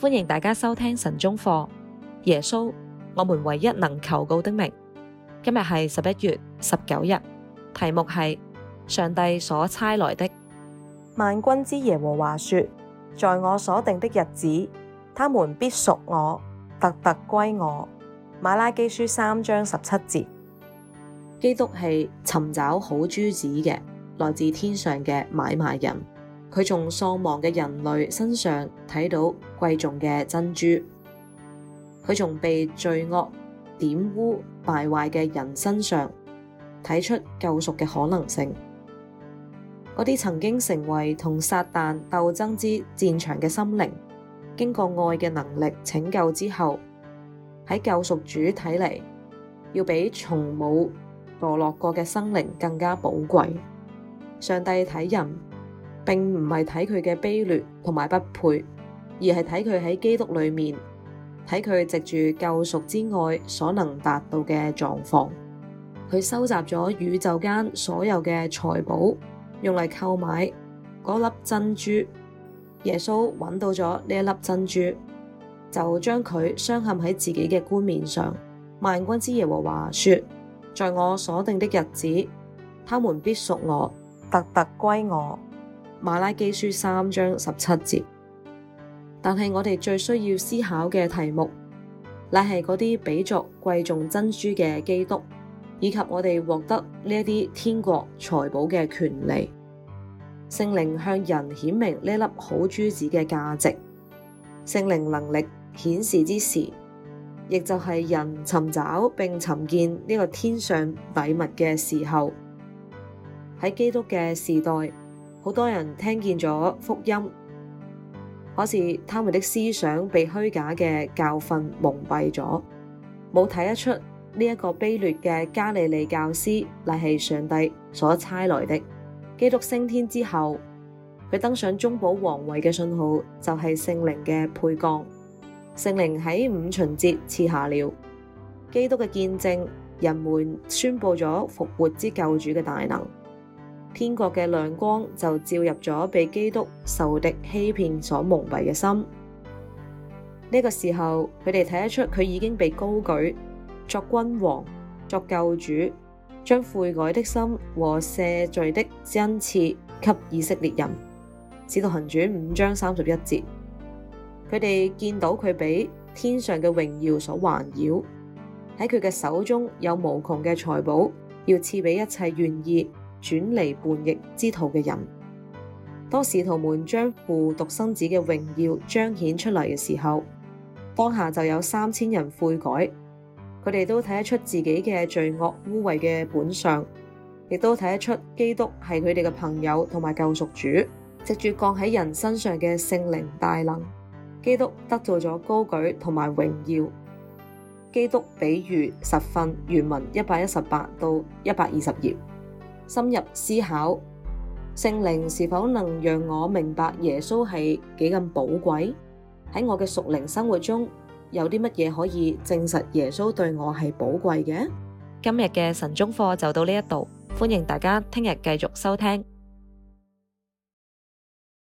歡迎大家收聽神中課，耶穌，我們唯一能求告的名。今日係十一月十九日，題目係上帝所差來的。萬軍之耶和華說，在我所定的日子，他們必屬我，特特歸我。馬拉基書三章十七節，基督係尋找好珠子嘅，來自天上嘅買賣人。佢從喪亡嘅人類身上睇到貴重嘅珍珠，佢從被罪惡玷污敗壞嘅人身上睇出救贖嘅可能性。嗰啲曾經成為同撒旦鬥爭之戰場嘅心靈，經過愛嘅能力拯救之後，喺救贖主睇嚟要比從冇墮落過嘅生靈更加寶貴。上帝睇人。並唔係睇佢嘅卑劣同埋不配，而係睇佢喺基督裏面，睇佢藉住救贖之愛所能達到嘅狀況。佢收集咗宇宙間所有嘅財寶，用嚟購買嗰粒珍珠。耶穌揾到咗呢一粒珍珠，就將佢鑲嵌喺自己嘅冠冕上。萬軍之耶和華說：在我所定的日子，他們必屬我，特特歸我。馬拉基書三章十七節。但係我哋最需要思考嘅題目，乃係嗰啲比作貴重珍珠嘅基督，以及我哋獲得呢一啲天國財寶嘅權利。聖靈向人顯明呢粒好珠子嘅價值，聖靈能力顯示之時，亦就係人尋找並尋見呢個天上禮物嘅時候。喺基督嘅時代。好多人聽見咗福音，可是他們的思想被虛假嘅教訓蒙蔽咗，冇睇得出呢一個卑劣嘅加利利教師乃係上帝所差來的。基督升天之後，佢登上中保皇位嘅信號就係聖靈嘅沛降，聖靈喺五旬節賜下了基督嘅見證，人們宣佈咗復活之救主嘅大能。天國嘅亮光就照入咗被基督受敵欺騙所蒙蔽嘅心。呢、這個時候，佢哋睇得出佢已經被高舉作君王、作救主，將悔改的心和赦罪的恩賜給以色列人。使徒行傳五章三十一節，佢哋見到佢被天上嘅榮耀所環繞，喺佢嘅手中有無窮嘅財寶，要賜俾一切願意，轉離叛逆之徒嘅人，當使徒們將父獨生子嘅榮耀彰顯出嚟嘅時候，當下就有三千人悔改。佢哋都睇得出自己嘅罪惡污穢嘅本相，亦都睇得出基督係佢哋嘅朋友同埋救贖主。藉住降喺人身上嘅聖靈大能，基督得到咗高舉同埋榮耀。基督比喻實訓，原文一百一十八到一百二十頁。深入思考，聖靈是否能讓我明白耶穌係幾咁寶貴？喺我嘅屬靈生活中，有啲乜嘢可以證實耶穌對我係寶貴嘅？今日嘅晨鐘課就到呢一度，歡迎大家聽日繼續收聽。